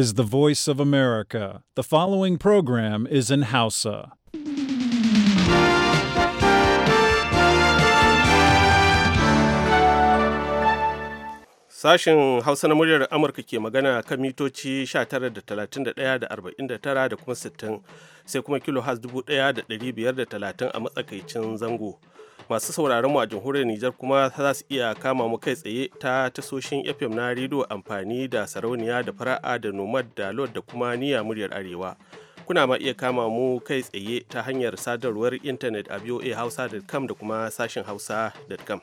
is the voice of America. The following program is in Hausa. Sashen Hausa na muryar Amurka ke magana kan mitoci 19.31.49 da kuma 60 sai kuma kilo has 1530 a matsakaicin zango. masu sauraron mu a jamhuriyar Nijar kuma za su iya kama mu kai tsaye ta tasoshin FM na rediyo amfani da sarauniya da fara'a da nomad da lord da kuma niya muryar arewa. Kuna ma iya kama mu kai tsaye ta hanyar sadarwar intanet a voahausa.com da kuma sashin hausa.com.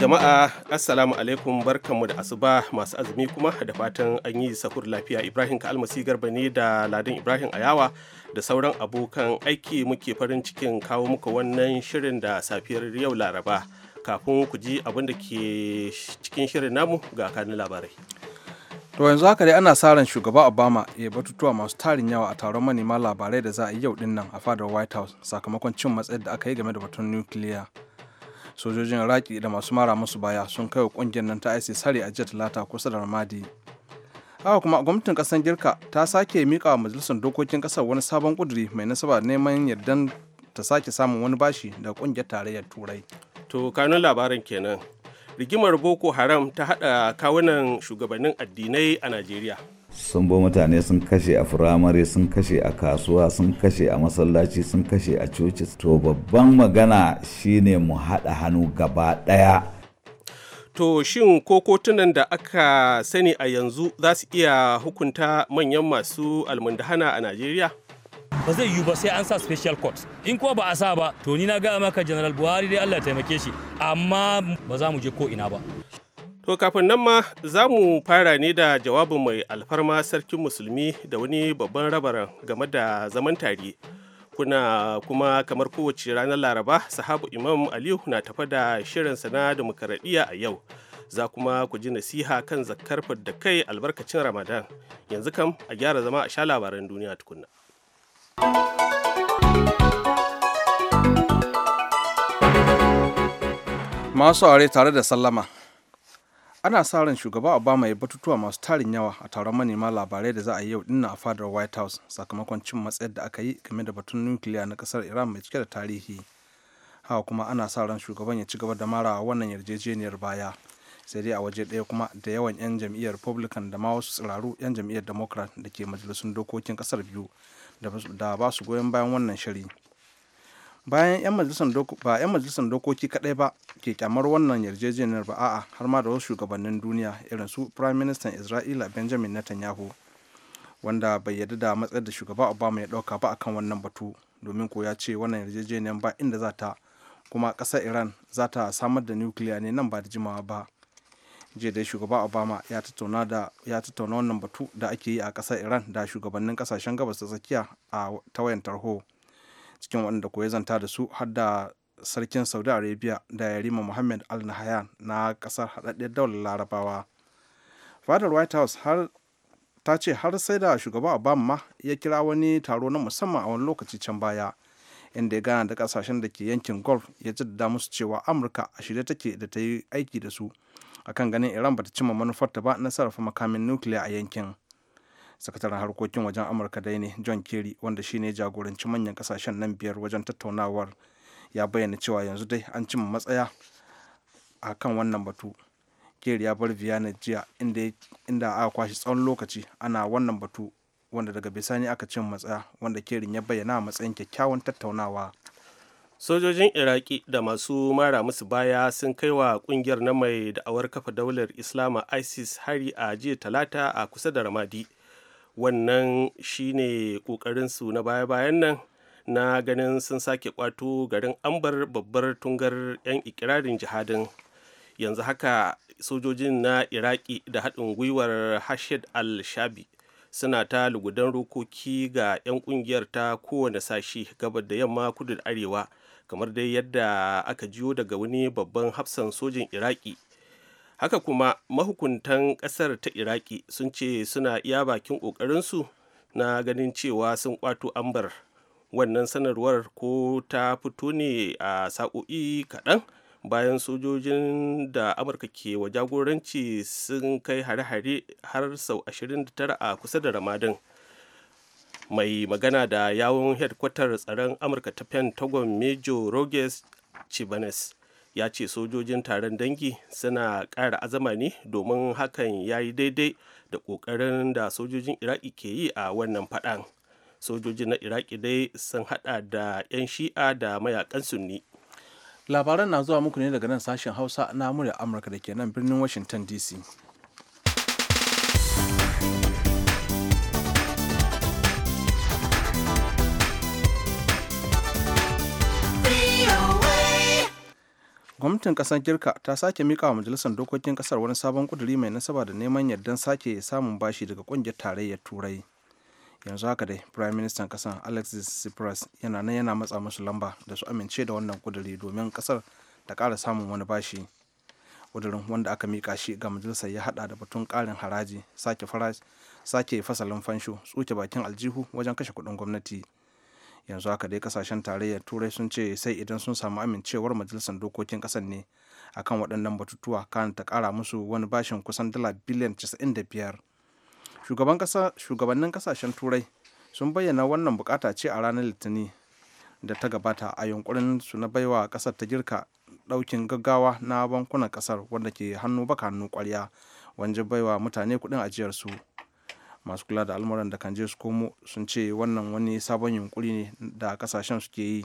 Jama'a Assalamu alaikum barkanmu da asuba masu azumi kuma da fatan an yi sakur lafiya Ibrahim ka almasi Garba ne da Ladin Ibrahim Ayawa da sauran abokan aiki muke farin cikin kawo muka wannan shirin da safiyar yau Laraba kafin ku ji abin da ke cikin shirin namu ga kanin labarai. To yanzu haka dai ana sa ran shugaba Obama ya batutuwa masu tarin yawa a taron manema labarai da za a yi yau din a fadar White House sakamakon cin matsayin da aka yi game da batun nukiliya. sojojin iraki da masu mara musu baya sun kai wa kungiyar nan ta isis sare a jiya talata kusa da ramadi haka kuma gwamnatin kasar girka ta sake mika wa majalisar dokokin kasar wani sabon kuduri mai nasaba neman yardan ta sake samun wani bashi da kungiyar tarayyar turai to kanun labarin kenan rigimar boko haram ta hada kawunan shugabannin addinai a najeriya sun bo mutane sun kashe a firamare sun kashe a kasuwa sun kashe a masallaci sun kashe a coci to babban magana shine mu haɗa hannu gaba ɗaya to shin ko kotunan da aka sani a yanzu za su iya hukunta manyan masu almundahana a najeriya ba zai yiwu ba sai an sa special court in kuwa ba a sa ba to ni na ga maka general buhari dai allah taimake shi amma ba za mu je ko ina ba To kafin nan ma za mu fara ne da jawabin mai alfarma sarkin musulmi da wani babban rabaran game da zaman tari, Kuna kuma kamar kowace ranar Laraba, sahabu Imam Aliyu na tafa da sana na demokaradiyya a yau. Za kuma ku ji nasiha kan zakar da kai albarkacin Ramadan. Yanzu kam a gyara zama a sha labaran duniya tukuna. Masu aure tare da sallama. ana sa ran shugaba obama ya batutuwa masu tarin yawa a taron manema labarai da za a yi yau dinnan a fadar white house sakamakon cin matsayar da aka yi game da batun nukiliya na kasar iran mai cike da tarihi haka kuma ana sa ran shugaban ya ci gaba da mara wannan yarjejeniyar baya sai dai a waje daya kuma da yawan 'yan jam'iyyar republican da ma wasu tsiraru 'yan jam'iyyar democrat da ke majalisun dokokin kasar biyu da ba su goyon bayan wannan shiri bayan yan majalisar ba yan majalisar dokoki kadai ba ke kyamar wannan yarjejeniyar ba a'a har ma da wasu shugabannin duniya irin su prime minister isra'ila benjamin netanyahu wanda bai yarda da matsayar da shugaba obama ya dauka ba akan wannan batu domin ko ya ce wannan yarjejeniyar ba inda za ta kuma ƙasar iran za ta samar da nukiliya ne nan ba da jimawa ba jiya da shugaba obama ya tattauna wannan batu da ake yi a ƙasar iran da shugabannin kasashen gabas ta tsakiya a ta tarho cikin wanda ko ya zanta da su har da sarkin saudi arabia da yarima muhammad al nahyan na kasar haɗaɗɗiyar daular larabawa fadar white house har ta ce har sai da shugaba obama ya kira wani taro na musamman a wani lokaci can baya inda ya gana da kasashen da ke yankin golf ya jaddada musu cewa amurka a shirye take da ta yi aiki da su akan ganin iran bata cimma manufarta ba na sarrafa makamin nukiliya a yankin sakataren harkokin wajen amurka dai ne john kerry wanda shine jagoranci manyan kasashen nan biyar wajen tattaunawar ya bayyana cewa yanzu dai an cimma matsaya a kan wannan batu kerry ya bar vienna jiya inda a kwashe tsawon lokaci ana wannan batu wanda daga bisani aka cin matsaya wanda kerin ya bayyana a matsayin kyakkyawan tattaunawa sojojin iraki da masu mara musu baya sun kai wa kungiyar na mai da'awar kafa daular islama isis hari a jiya talata a kusa da ramadi wannan shine su na baya-bayan nan na ganin sun sake kwato garin ambar babbar tungar 'yan ikirarin jihadin yanzu haka sojojin na iraki da haɗin gwiwar hashid al-shabi suna ta lugudan rokoki ga 'yan kungiyar ta kowane sashi gabar da yamma kudu da arewa kamar dai yadda aka jiyo daga wani babban hafsan sojin iraki haka kuma mahukuntan kasar ta iraki sun ce suna iya bakin ƙoƙarinsu na ganin cewa sun kwato ambar wannan sanarwar ko ta fito ne a sa'o'i kaɗan bayan sojojin da amurka ke wa jagoranci sun kai hare-hare har sau 29 a kusa da ramadan mai magana da yawon hedkwatar tsaron amurka ta pentagon major roges chibanes ya ce sojojin taron dangi suna ƙara azama ne domin hakan ya yi daidai da ƙoƙarin da sojojin iraki ke yi a wannan faɗan sojojin na iraki dai sun haɗa da 'yan shi'a da mayakan sunni labaran na zuwa muku ne daga nan sashen hausa na murya amurka da ke nan birnin washington dc gwamnatin kasar girka ta sake mika wa majalisar dokokin kasar wani sabon kuduri mai nasaba da neman yardan sake samun bashi daga kungiyar tarayyar turai yanzu haka dai prime minister kasar alexis tsipras yana nan yana matsa musu lamba da su amince da wannan kuduri domin kasar ta kara samun wani bashi kudurin wanda aka mika shi ga majalisar ya hada da batun karin haraji sake fasalin fansho tsuke bakin aljihu wajen kashe kudin gwamnati yanzu haka dai kasashen tarayyar turai sun ce sai idan sun samu amincewar majalisar dokokin ƙasar ne akan waɗannan batutuwa kan ta ƙara musu wani bashin kusan dala biliyan 95 shugabannin kasashen turai sun bayyana wannan bukata ce a ranar litinin da ta gabata a yunkurin su na baiwa kasar ta girka ɗaukin gaggawa na bankunan kasar wanda ke hannu baka hannu kwarya wajen baiwa mutane kuɗin ajiyarsu su masu kula da al'amuran da kan je su komo sun ce wannan wani sabon yunkuri ne da kasashen suke yi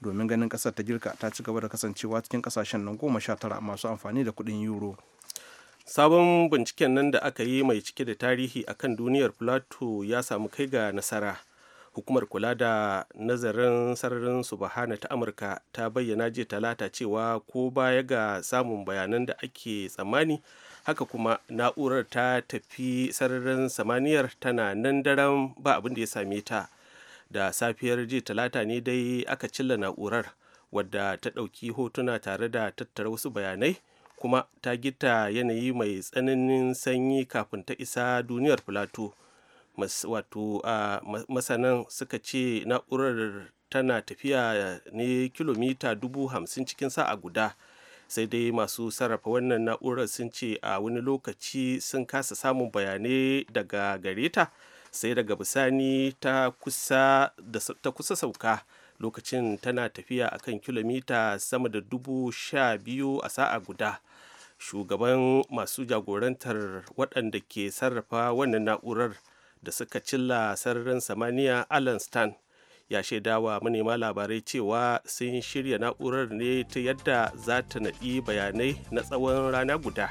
domin ganin kasar ta girka ta ci gaba da kasancewa cikin kasashen nan goma sha tara masu amfani da kuɗin euro sabon binciken nan da aka yi mai cike da tarihi akan duniyar plato ya samu kai ga nasara hukumar kula da nazarin sararin subhana ta amurka ta bayyana jiya talata cewa ko baya ga samun bayanan da ake tsammani haka kuma na'urar ta tafi sararin samaniyar tana nan daren ba abin da ya same ta da safiyar ji talata ne dai aka cilla na'urar wadda ta ɗauki hotuna tare da tattara wasu bayanai kuma ta gita yanayi mai tsananin sanyi kafin ta isa duniyar filato wato masanan suka ce na'urar tana tafiya ne kilomita dubu hamsin cikin sa'a guda sai dai masu sarrafa wannan na'urar sun ce a wani lokaci sun kasa samun bayanai daga gareta sai daga bisani ta kusa sauka lokacin tana tafiya a kan kilomita sama da dubu sha biyu a sa'a guda shugaban masu jagorantar waɗanda ke sarrafa wannan na'urar da suka cilla sararin samaniya alan stan ya shaidawa manema labarai cewa sun shirya na'urar ne ta yadda za ta naɗi bayanai na tsawon rana guda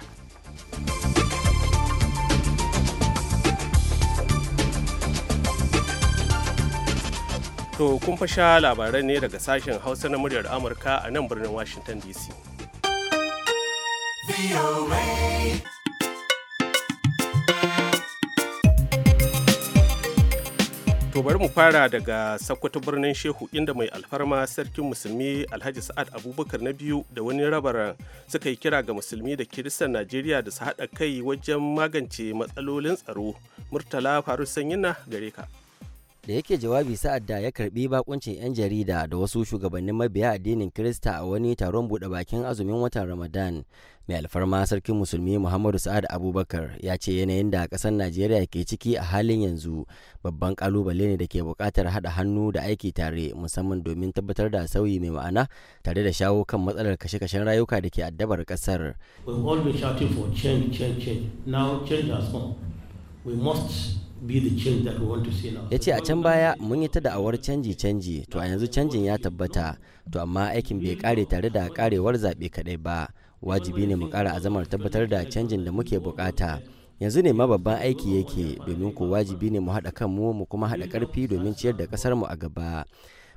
to kun fasha labarai ne daga sashen hausa na muryar amurka a nan birnin washington dc To bari mu fara daga Sokoto birnin Shehu inda mai alfarma sarkin musulmi Alhaji Sa'ad Abubakar na biyu da wani rabaran suka yi kira ga musulmi da kiristan Najeriya da su haɗa kai wajen magance matsalolin tsaro. Murtala Faru Sanyina gare ka. da yake jawabi sa'ad da ya karbi bakuncin 'yan jarida da wasu shugabannin mabiya addinin Kirista a wani taron bude bakin azumin watan Ramadan. Mai alfarma sarkin musulmi Muhammadu Sa'ad Abubakar ya ce yanayin da kasar Najeriya ke ciki a halin yanzu babban kalubale ne da ke bukatar hada hannu da aiki tare musamman domin tabbatar da sauyi mai ma'ana tare da shawo kan matsalar kashe-kashen rayuka da ke addabar kasar We must ya ce a can baya mun yi ta da'awar canji-canji to a yanzu canjin ya tabbata to amma aikin bai kare tare da karewar zaɓe kaɗai ba wajibi ne mu kara azamar tabbatar da canjin da muke bukata yanzu ne ma babban aiki yake domin ko wajibi ne mu haɗa kanmu mu kuma haɗa ƙarfi domin ciyar da ƙasarmu a gaba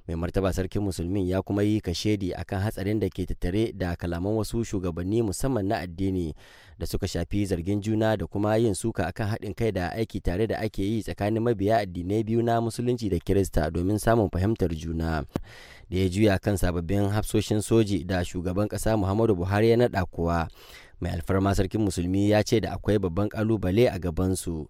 mai martaba sarkin musulmin ya kuma yi kashedi akan hatsarin da ke tattare da kalaman wasu shugabanni musamman na addini da suka shafi zargin juna da kuma yin suka akan haɗin kai da aiki tare da ake yi tsakanin mabiya addinai biyu na musulunci da kirista domin samun fahimtar juna da ya juya kan sababbin hafsoshin soji da shugaban ƙasa muhammadu buhari ya naɗa kuwa mai alfarma sarkin musulmi ya ce da akwai babban kalubale a gabansu.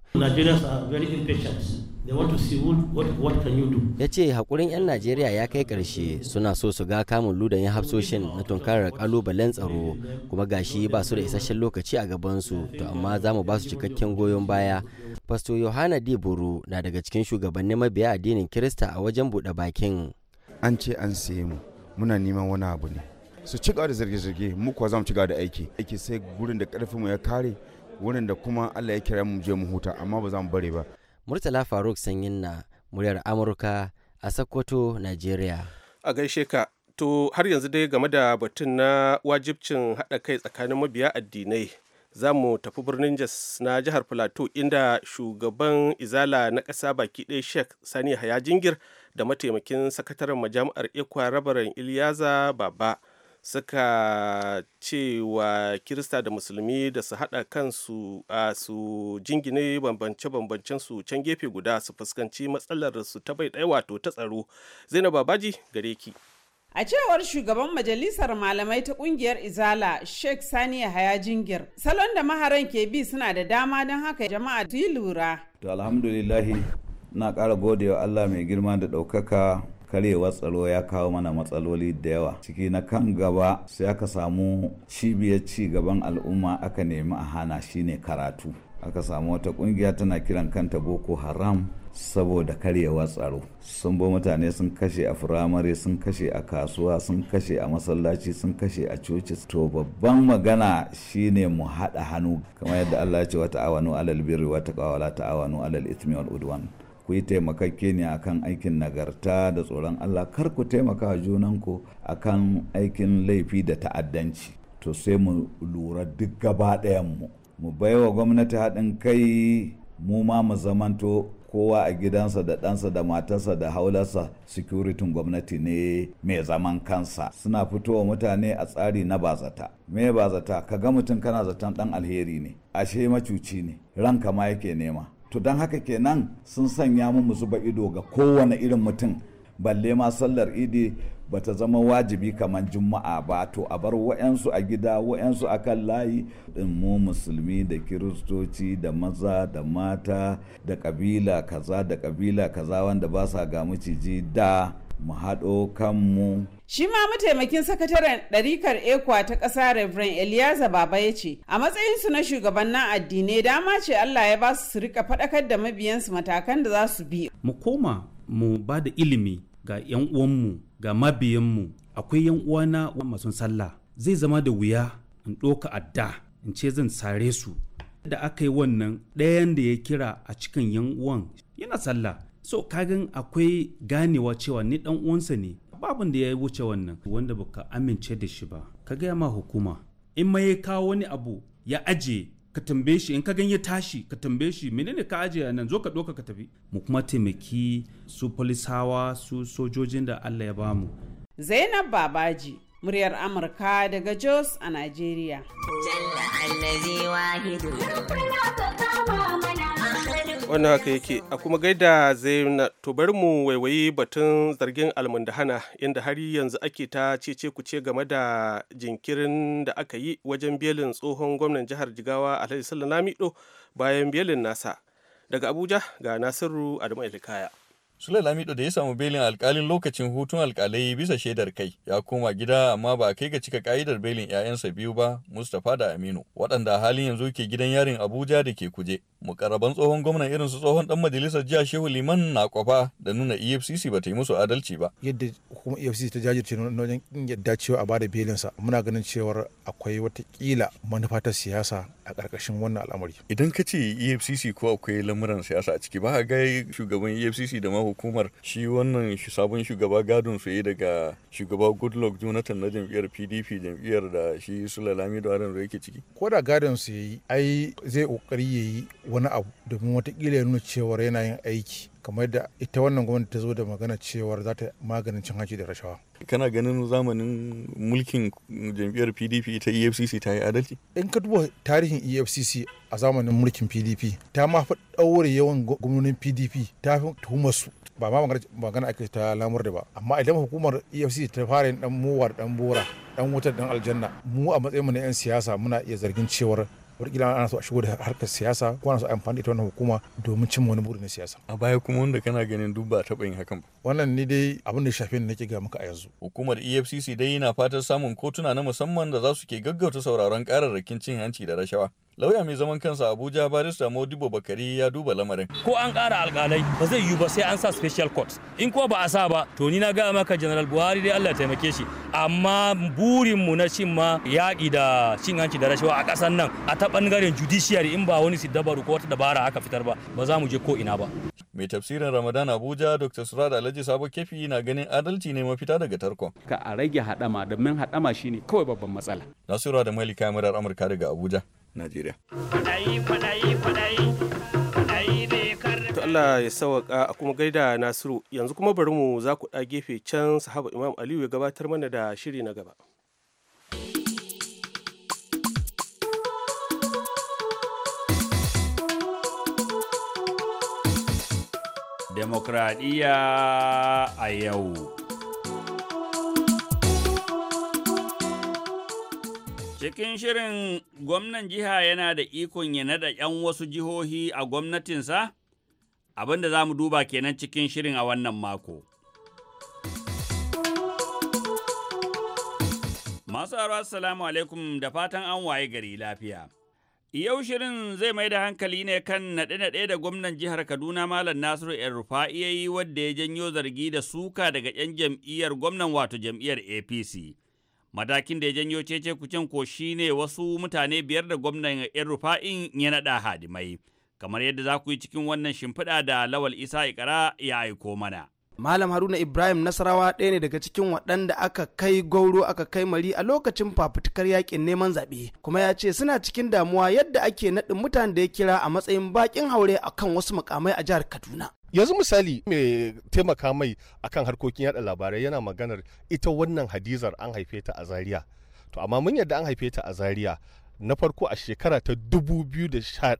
ya ce haƙurin 'yan najeriya ya kai ƙarshe suna so su ga kamun ludan ya hafsoshin na tunkarar ƙalubalen tsaro kuma gashi ba su da isasshen lokaci a gabansu to amma za mu ba su cikakken goyon baya pasto yohana d buru na daga cikin shugabannin mabiya addinin kirista a wajen buɗe bakin an ce an siye mu muna neman wani abu ne su ci da zirge-zirge mu kuwa za mu ci da aiki aiki sai gurin da ƙarfinmu ya kare wurin da kuma allah ya kira mu je mu huta amma ba za mu bare ba Murtala Faruk Sanyin na muryar Amurka a Sokoto, Najeriya. A gaishe ka, to har yanzu dai game da batun na wajibcin haɗa kai tsakanin mabiya addinai. Za mu tafi birnin Jos na jihar Plateau inda shugaban Izala na ƙasa baki ɗaya Sheikh Sani Haya Jingir da mataimakin sakataren majami'ar Ikwa Rabaran Iliyaza Baba. suka cewa kirista da musulmi da su haɗa kansu a su jingine bambance-bambancen su can gefe guda su fuskanci matsalar su ta bai ɗaya wato ta tsaro zainab babaji gare ki A cewar shugaban majalisar malamai ta kungiyar Izala Sheikh Sani haya Jingir, salon da maharan ke bi suna da dama don haka jama'a ta yi lura. To alhamdulillahi na ƙara godewa Allah mai girma da ɗaukaka karewar tsaro ya kawo mana matsaloli da yawa ciki na kan gaba sai aka samu cibiyar ci gaban al'umma aka nemi a hana shine karatu aka samu wata kungiya tana kiran kanta boko haram saboda karyewar tsaro sun bo mutane sun kashe a firamare sun kashe a kasuwa sun kashe a masallaci sun kashe a coci to babban magana shine mu haɗa hannu kamar yadda Allah ya ce awa ta'awanu alal birri wata kawala ta awa alal ithmi wal udwan ku yi taimakakke ne akan aikin nagarta da tsoron Allah kar ku taimaka junanku akan aikin laifi da ta'addanci to sai mu lura duk gaba mu mu baiwa gwamnati haɗin kai mu ma mu zamanto kowa a gidansa da ɗansa da matarsa da haularsa sikuritin gwamnati ne mai zaman kansa suna fitowa mutane a tsari na bazata me bazata ka ga mutum kana zaton ɗan alheri ne ashe macuci ne ranka ma yake nema to don haka kenan sun sanya mu zuba ido ga kowane irin mutum balle ma sallar idi ba ta zama wajibi kamar juma'a ba to a bar wa'yansu a gida wa'yansu a kan layi ɗin mu musulmi da kiristoci da maza da mata da kabila kaza da kabila kaza wanda ba sa ga maciji da mu haɗo kanmu Shi ma mataimakin sakataren ɗarikar ekwa ta ƙasa Reverend Eliyaza Baba ya ce, a matsayinsu na shugabannin addinai dama ce Allah ya ba su su rika faɗakar da mabiyansu matakan da za su bi. Mu koma mu ba da ilimi ga 'yan uwanmu ga mabiyanmu akwai 'yan uwana masu sallah zai zama da wuya in ɗoka adda in ce zan sare su da aka yi wannan ɗayan da ya kira a cikin yan uwan yana sallah so kagan akwai ganewa cewa ni ɗan uwansa ne babin da ya wuce wannan wanda baka amince da shi ba ka gaya ma hukuma in ma ya kawo wani abu ya aje ka tambaye shi in ka gan ya tashi ka tambaye shi menene ka aje a nan zo ka doka ka tafi mu kuma taimaki su polisawa su sojojin da Allah ya bamu Zainab Babaji muryar Amurka daga Jos a Najeriya Jalla zai wahidu wannan haka yake a kuma gaida zai na bari mu waiwayi batun zargin almundahana inda har yanzu ake ta cece kuce game da jinkirin da aka yi wajen belin tsohon gwamnan jihar jigawa alhaji sallan lamido bayan belin nasa daga abuja ga nasiru adamu ilikaya Sule Lamido da ya samu belin alkalin lokacin hutun alkalai bisa shaidar kai ya koma gida amma ba a kai ga cika ka'idar belin 'ya'yansa biyu ba Mustapha da Aminu waɗanda halin yanzu ke gidan yarin Abuja da ke kuje. Mukarraban tsohon gwamnan irin su tsohon dan majalisar jiya Shehu Liman na kwafa da nuna EFCC ba ta yi musu adalci ba. Yadda kuma EFCC ta jajirce wajen yadda cewa a bada sa muna ganin cewar akwai watakila manufa ta siyasa a ƙarƙashin wannan al'amari. Idan ka ce EFCC ko akwai lamuran siyasa a ciki ba ga shugaban EFCC da hukumar shi wannan sabon shugaba gadon su daga shugaba goodluck jonathan na jam'iyyar pdp jam'iyyar da shi lami da wadanda yake ciki ko da gadon su yayi ai zai kokari yayi wani abu domin watakila ya nuna cewar yana yin aiki kamar yadda ita wannan gwamnati ta zo da magana cewar za ta maganin cin hanci da rashawa. kana ganin zamanin mulkin jam'iyyar pdp ta efcc ta yi adalci in ka duba tarihin efcc a zamanin mulkin pdp ta ma fi ɗaure yawan gwamnonin pdp ta fi tuhumar su ba ma magana ake ta lamur da ba amma idan hukumar efcc ta fara yin dan mowar dan bora dan wutar dan aljanna mu a matsayinmu na 'yan siyasa muna iya zargin cewar wataƙila ana so a shigo da harkar siyasa ko ana so a amfani da ita wannan hukuma domin cimma wani buri na siyasa a baya kuma wanda kana ganin duk ba taɓa yin hakan ba wannan ni dai abin da shafe ni nake ga maka a yanzu hukumar EFCC dai yana fatan samun kotuna na musamman da za su ke gaggauta sauraron kararrakin cin hanci da rashawa lauya mai zaman kansa abuja barista modibo bakari ya duba lamarin ko an ƙara alƙalai ba zai yiwu ba sai an sa special court in ko ba a sa ba to ni na ga maka general buhari dai allah taimake shi amma burinmu na cin ma yaƙi da cin hanci da rashawa a ƙasar nan a ta ɓangaren judiciary in ba wani siddabaru ko wata dabara aka fitar ba ba za mu je ko ina ba mai tafsirin ramadan abuja dr surad alhaji sabo kefi na ganin adalci ne mafita daga tarkon ka a rage haɗama domin hadama shine kawai babban matsala nasura da malika murar amurka daga abuja najeriya to allah ya sawaka a kuma gaida nasiru yanzu kuma bari mu za ku ɗa gefe can sahaba imam aliyu ya gabatar mana da shiri na gaba demokradiyya a yau. Cikin shirin gwamnan jiha yana da ikon ya nada 'yan wasu jihohi a gwamnatinsa? Abin da za mu duba kenan cikin shirin a wannan mako. Masu haro assalamu alaikum da fatan an waye gari lafiya. Yau shirin zai mai da hankali ne kan naɗe-naɗe da gwamnan jihar Kaduna Malam Nasiru ‘yan rufa'i iya yi wadda ya janyo zargi da suka daga ‘yan jam'iyyar gwamnan wato jam'iyyar APC. Matakin da ya janyo cece kucen ko shine wasu mutane biyar da gwamnan ‘yan rufa'in ya naɗa hadimai, kamar yadda za ku yi cikin wannan shimfiɗa da Lawal Isa Ikara ya aiko mana. Malam Haruna Ibrahim Nasarawa ɗaya ne daga cikin waɗanda aka kai gauro aka kai mari a lokacin fafutukar yakin neman zaɓe kuma ya ce suna cikin damuwa yadda ake naɗin mutanen da ya kira a matsayin bakin haure akan wasu mukamai a jihar Kaduna. yanzu misali mai taimaka mai akan harkokin yada labarai yana maganar ita wannan hadizar an haife ta a zaria to amma mun yadda an haife ta a zaria na farko a shekara ta 2011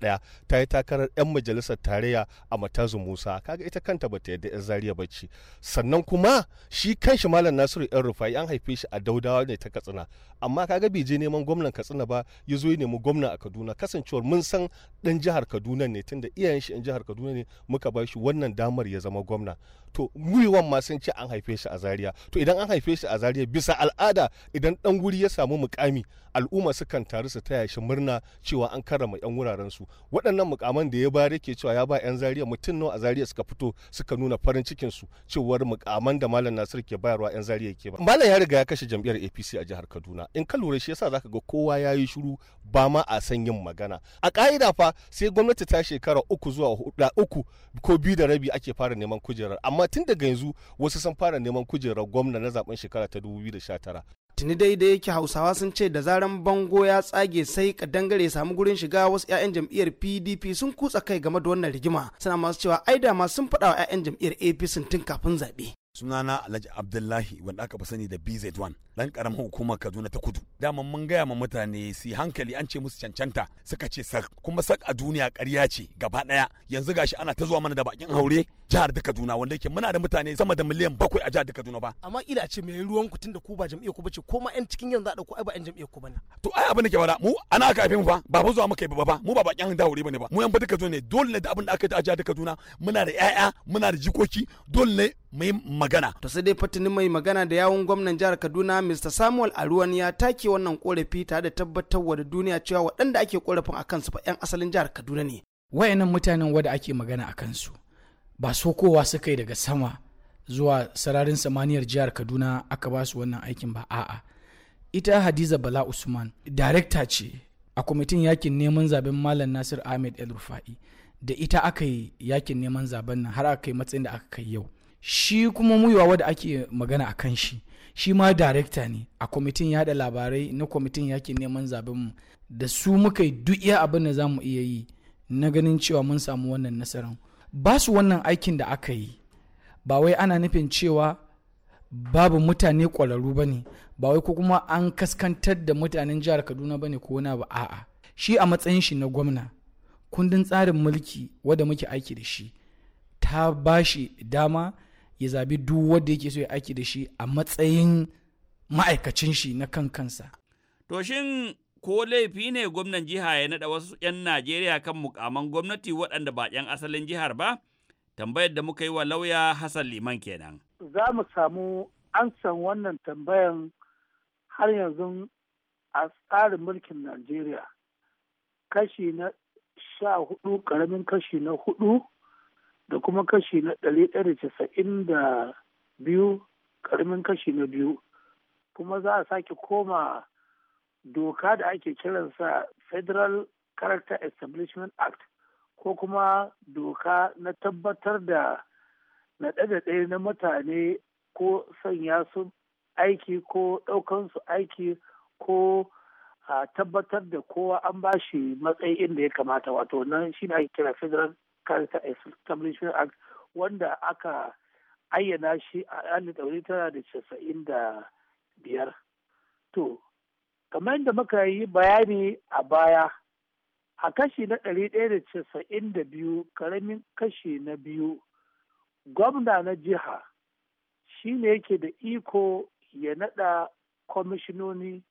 ta yi takarar 'yan majalisar tarayya a matazu musa kaga ita kanta bata yadda 'yan zariya bacci sannan kuma shi kanshi malam nasiru yan rufai an haife shi a daudawa ne ta katsina amma kaga bai je neman gwamnan katsina ba ya zo ya nemi gwamna a kaduna kasancewar mun san dan jihar kaduna ne tunda iyayen shi 'yan jihar kaduna ne muka ba shi wannan damar ya zama gwamna to muyiwan ma sun ce an haife shi a zaria to idan an haife shi a zaria bisa al'ada idan dan guri ya samu mukami al'umma sukan taru su taya shi murna cewa an karrama yan wuraren su waɗannan mukaman da ya bayar yake cewa ya ba yan zaria mutum nawa a zaria suka fito suka nuna farin cikin su cewar mukaman da malam nasir ke bayarwa yan zaria yake ba malam ya riga ya kashe jam'iyyar apc a jihar kaduna in ka lura shi yasa zaka ga kowa ya yi shiru ba ma a san yin magana a ka'ida fa sai gwamnati ta shekara uku zuwa uku ko biyu da rabi ake fara neman kujerar amma tun daga yanzu wasu sun fara neman kujerar gwamna na zaben shekara ta 2019 tuni da yake hausawa sun ce da zaran bango ya tsage sai ka dangare samu gurin shiga wasu 'ya'yan jam'iyyar pdp sun kutsa kai game da wannan rigima suna masu cewa ai ma sun faɗa wa 'ya'yan jam'iyyar apc tun kafin zaɓe sunana alhaji abdullahi wanda aka fi sani da bz1 dan karamar hukumar kaduna ta kudu dama mun gaya ma mutane su hankali an ce musu cancanta suka ce sak kuma sak a duniya ƙarya ce gaba ɗaya yanzu gashi ana ta zuwa mana da bakin haure jihar da Kaduna wanda yake muna da mutane sama da miliyan bakwai a jihar da Kaduna ba amma ila ce mai ruwan ku tunda ku ba jam'iyyar ku bace ko ma yan cikin yanzu a dauko ai ba yan jam'iyyar ku bane to ai abin da ke fara mu ana aka haife mu fa ba fa zuwa muka yi ba ba mu ba bakin dahuri bane ba mu yan duka Kaduna ne dole ne da abin da aka yi a jihar da Kaduna muna da yaya muna da jikoki dole ne mai magana to sai dai fatanin mai magana da yawun gwamnan jihar Kaduna Mr Samuel Aruwan ya take wannan korafi tare da tabbatarwa da duniya cewa waɗanda ake korafin a kansu fa yan asalin jihar Kaduna ne wayannan mutanen wanda ake magana a kansu. ba sokowa suka yi daga sama zuwa sararin samaniyar jihar kaduna aka ba su wannan aikin ba a'a ita hadiza bala usman darekta ce a kwamitin yakin neman zaben malam nasir ahmed el rufa'i da ita aka yi yakin neman zaben nan har aka yi matsayin da aka kai yau shi kuma muyawa da ake magana a kan shi shi ma darekta ne a kwamitin yada labarai na kwamitin yakin neman zaben mu da su muka yi duk iya abin da za mu iya yi na ganin cewa mun samu wannan nasarar ba su wannan aikin da aka yi ba wai ana nufin cewa babu mutane ƙwararru ba ne ba wai kuma an kaskantar da mutanen jihar kaduna ba ne ko wani ba a'a shi a matsayin shi na gwamna kundin tsarin mulki wadda muke aiki da shi ta ba shi dama ya zabi duk wadda yake so ya aiki da shi a matsayin ma'aikacin shi na kan kansa to shin ko laifi ne gwamnan jiha ya naɗa wasu 'yan Najeriya kan mukaman gwamnati waɗanda ba 'yan asalin jihar ba? Tambayar da muka yi wa lauya Hassan Liman kenan. Za mu samu ansan wannan tambayan har yanzu a tsarin mulkin Najeriya. Kashi na sha hudu karamin kashi na hudu da kuma kashi na ɗari ɗari casa'in da biyu karamin kashi na biyu kuma za a sake koma doka da ake kiransa federal character establishment act ko kuma doka na tabbatar da na ɗaya na mutane ko sanya su aiki ko ɗaukansu aiki ko a tabbatar da kowa an ba shi matsayi inda ya kamata wato nan shi ake kira federal character establishment act wanda aka ayyana shi a 1995 tara da casa'in da biyar to kamar da muka yi bayani a baya a kashi na ɗari ɗaya da casa'in da biyu karamin kashi na biyu gwamna na jiha shi ne yake da iko ya naɗa kwamishinoni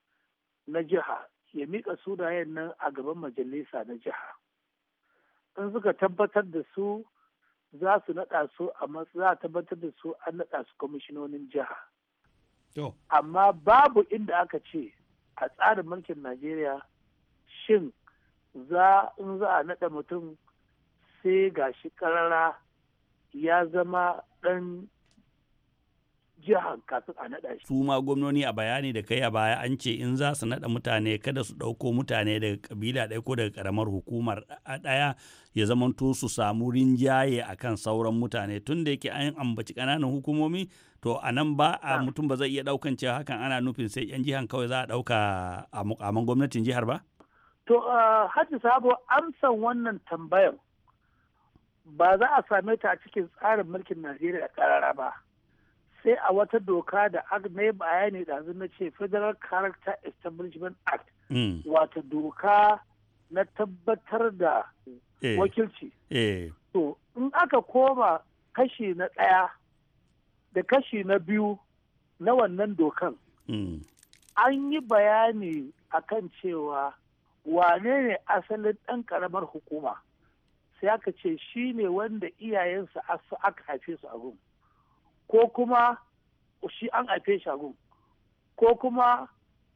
na jiha ya miƙa sunayen nan a gaban majalisa na jiha in suka tabbatar da su za su naɗa su a za a tabbatar da su an naɗa su kwamishinonin jiha amma babu inda aka ce a tsarin mulkin najeriya shin za in za a naɗa mutum sai ga shi ƙarara ya zama ɗan jihar kafin a naɗa shi. su gwamnoni a bayani da kai a baya an ce in za su naɗa mutane kada su ɗauko mutane daga kabila ɗaya ko daga ƙaramar hukumar ɗaya ya zamanto su samu rinjaye akan sauran mutane tun da yake an ambaci ƙananan hukumomi to a nan ba a mutum ba zai iya ɗaukan cewa hakan ana nufin sai 'yan jihar kawai za a ɗauka a mukamman gwamnatin jihar ba? To Hajji Sabo amsan wannan tambayar ba za a same ta a cikin tsarin mulkin Najeriya da karara ba. sai a wata doka da na yi bayani da na ce federal character establishment act mm. wata doka na tabbatar da eh. wakilci eh. to in aka koma kashi na ɗaya da kashi na biyu na wannan dokan mm. an yi bayani a kan cewa wane ne asalin ɗan ƙaramar hukuma sai aka ce shi ne wanda iyayensa aka haife su a gun ko kuma shi an haife shagun ko kuma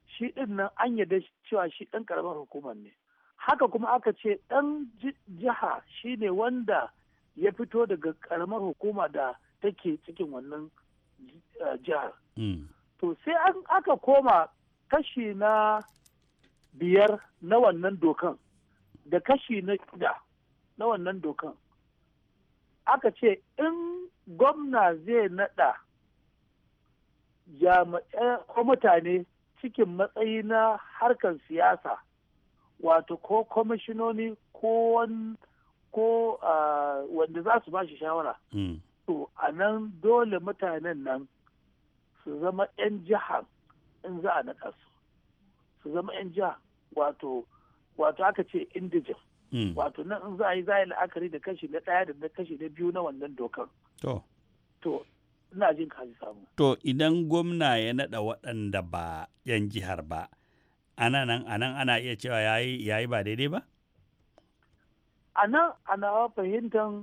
shi din nan an yarda cewa shi ɗan karamar hukumar ne haka kuma aka ce ɗan jiha shi ne wanda ya fito daga karamar hukuma da take cikin wannan eh, jihar hmm. to sai an aka koma kashi na biyar na wannan dokan da kashi na shida na wannan dokan aka ce in gwamna zai naɗa ko mutane cikin matsayi na harkar siyasa wato ko kwamishinoni ko wanda za su ba shi shawara hmm. to a nan dole mutanen nan su zama 'yan jiha in za a naɗa su su zama 'yan jiha wato aka ce indijin Mm. wato nan in za a yi za a yi la'akari da kashi na ɗaya da na kashi na biyu na wannan dokar to ina jin ka ji samu to idan gwamna ya naɗa waɗanda ba 'yan jihar ba ana nan anan ana iya cewa ya yi ba daidai ba a nan ana fahimtar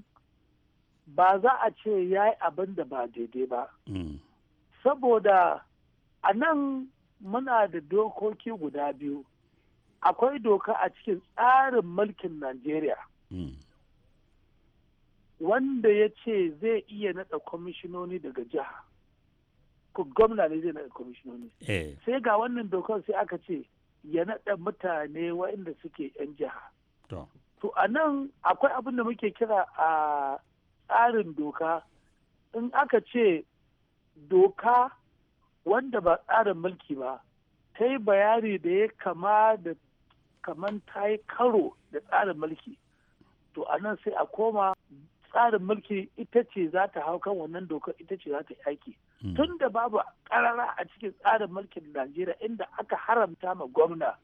ba za a ce ya yi abin da ba daidai ba mm. saboda a nan muna da dokoki guda biyu akwai doka a cikin tsarin mulkin najeriya hmm. wanda ya ce zai iya naɗa kwamishinoni daga jiha ko gwamna ne zai naɗa kwamishinoni eh. sai ga wannan dokar sai aka ce ya naɗa mutane waɗanda suke 'yan jiha to a nan akwai abin da muke kira a tsarin doka in aka ce doka wanda ba tsarin mulki ba ta yi bayani da ya kama da kamar ta yi karo da tsarin mulki to a nan sai a koma tsarin mulki ita ce za ta hau kan wannan dokar ita ce za ta yi hmm. tun da babu karara a cikin tsarin mulkin najeriya inda aka haramta ma gwamna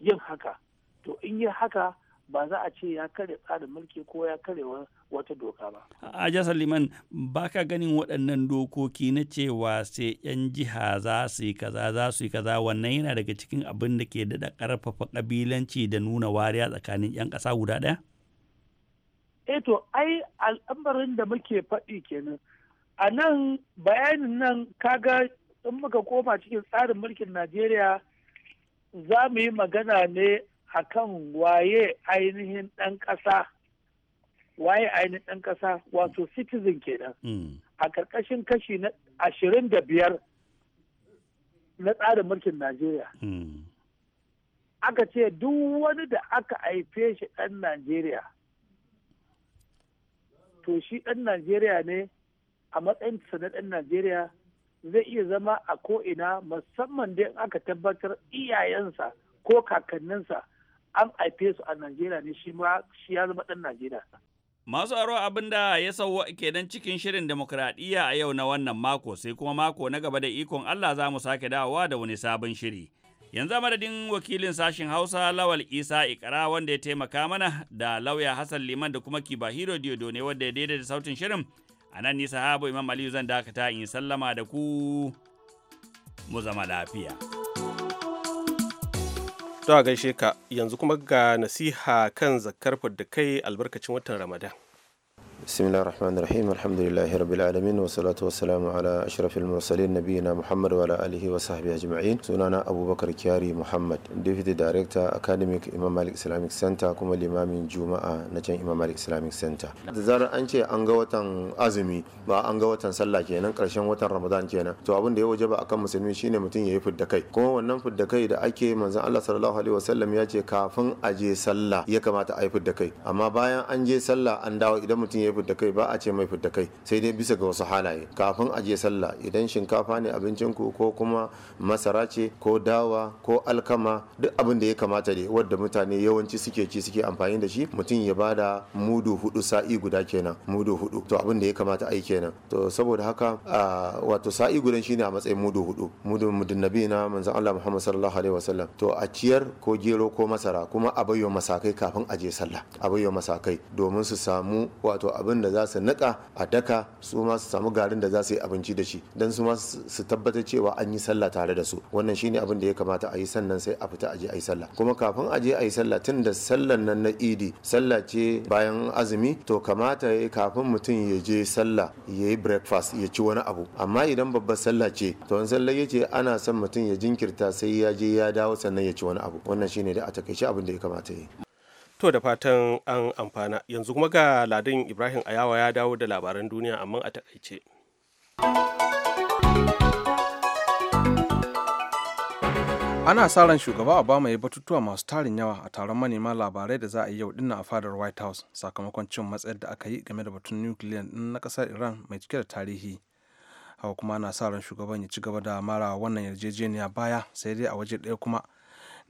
yin haka to in yi haka ba za a ce ya karya tsarin mulki ko ya karya wata doka ba. A jasar liman ba ka ganin waɗannan dokoki na cewa sai 'yan jiha za su yi kaza za su yi kaza wannan yana daga cikin abin da ke daɗa ƙarfafa ƙabilanci da nuna wariya tsakanin 'yan ƙasa guda ɗaya? Eh to ai al'amarin da muke faɗi kenan. A nan bayanin nan kaga in muka koma cikin tsarin mulkin Najeriya za mu yi magana ne akan waye ainihin ɗan ƙasa. waye ainihin ɗan ƙasa wato citizen kenan mm. a ƙarƙashin kashi na ashirin da biyar na tsarin mulkin najeriya mm. aka ce duk wani da aka haife shi ɗan najeriya to shi ɗan najeriya ne a matsayin na ɗan najeriya zai iya zama a ko'ina musamman dai aka tabbatar iyayensa ko kakanninsa an haife su a najeriya ne shi ya zama ɗan najeriya Masu aro abin da ya sauwa nan cikin shirin demokradiyya a yau na wannan mako sai kuma mako na gaba da ikon Allah za mu sake dawowa da wani sabon shiri. Yanzu madadin wakilin sashen Hausa Lawal Isa Ikara wanda ya taimaka mana da lauya Hassan Liman da kuma Kiba Hiro Diodo ne wanda ya daidaita sautin shirin. A nan ni sahabo Imam Aliyu zan dakata in sallama da ku mu zama lafiya. To a gaishe ka yanzu kuma ga nasiha kan zakar da kai albarkacin watan Ramadan. بسم الله الرحمن الرحيم الحمد لله رب العالمين والصلاة والسلام على أشرف المرسلين نبينا محمد وعلى آله وصحبه أجمعين سنانا أبو بكر كياري محمد ديفيد دايركتور أكاديميك إمام مالك إسلاميك سنتا كما لإمام جمعة نجان إمام مالك إسلاميك سنتا زار أنشي أنغا وطن أزمي با أنغا وطن سلا كينا كرشان وطن رمضان كينا تو أبن دي وجب أكام مسلمين شيني متين يهي فدكي كما ونن فدكي دا أكي منزان الله صلى الله عليه وسلم يأتي كافن أجي سلا يكما تأي فدكي أما بايا أنجي سلا أنداو إذا متين ya kai ba a ce mai fidda kai sai dai bisa ga wasu halaye kafin a je sallah idan shinkafa ne abincin ku ko kuma masara ce ko dawa ko alkama duk abin da ya kamata ne wadda mutane yawanci suke ci suke amfani da shi mutum ya bada mudu hudu sa'i guda kenan mudu hudu to abin da ya kamata ai kenan to saboda haka wato sa'i gudan shine a matsayin mudu hudu mudu mudun nabi na manzon Allah Muhammad sallallahu alaihi wasallam to a ciyar ko gero ko masara kuma a bayyo masakai kafin a je sallah a bayyo masakai domin su samu wato abin da za su nika a daka su ma su samu garin da za su yi abinci da shi don su ma su tabbatar cewa an yi sallah tare da su wannan shine abin da ya kamata a yi sannan sai a fita a je a yi sallah kuma kafin a je a yi sallah tun da sallar nan na idi sallah ce bayan azumi to kamata ya kafin mutum ya je sallah ya yi breakfast ya ci wani abu amma idan babbar sallah ce to in sallah ya ce ana son mutum ya jinkirta sai ya je ya dawo sannan ya ci wani abu wannan shine da a takaice abin da ya kamata ya yi To da fatan an amfana yanzu kuma ga ladin Ibrahim Ayawa ya dawo da labaran duniya amma a takaice. Ana sa ran shugaba Obama ya batutuwa masu tarin yawa a taron manema labarai da za a yi yau dinnan a fadar White House sakamakon cin matsayar da aka yi game da batun nukiliya na kasar Iran mai cike da tarihi. Hawa kuma ana sa ran shugaban ya ci gaba da mara wannan yarjejeniya baya sai dai a waje ɗaya kuma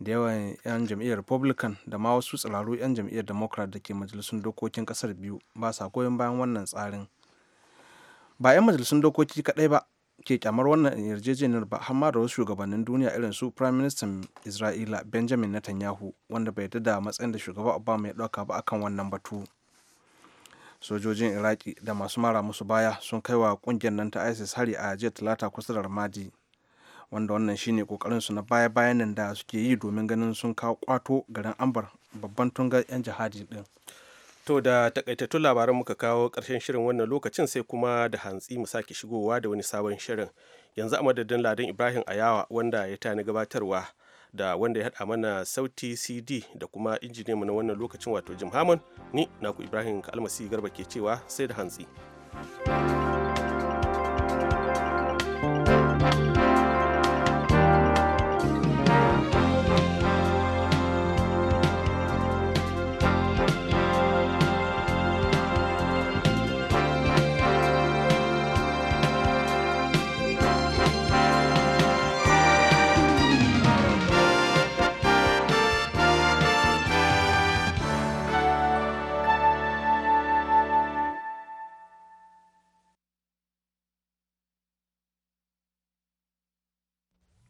da yawan 'yan jam'iyyar republican da ma wasu tsiraru 'yan jam'iyyar democrat da ke majalisun dokokin kasar biyu ba sa goyon bayan wannan tsarin ba 'yan majalisun dokoki kaɗai ba ke kyamar wannan yarjejeniyar ba har ma da wasu shugabannin duniya irin su prime minister isra'ila benjamin netanyahu wanda bai da matsayin da shugaba obama ya ɗauka ba akan wannan batu sojojin iraki da masu mara musu baya sun kai wa ƙungiyar nan ta isis hari a jiya talata kusa da ramadi wanda wannan shine su na baya-bayan nan da suke yi domin ganin sun kawo kwato garin ambar babban tunga 'yan jihadi din to da takaitattun labaran muka kawo karshen shirin wannan lokacin sai kuma da hantsi mu sake shigowa da wani sabon shirin yanzu a madadin ladan ibrahim ayawa wanda ya tani gabatarwa da wanda ya haɗa mana sauti cd da kuma injiniyan mu na wannan lokacin wato jim hamon ni naku ibrahim kalmasi garba ke cewa sai da hantsi thank you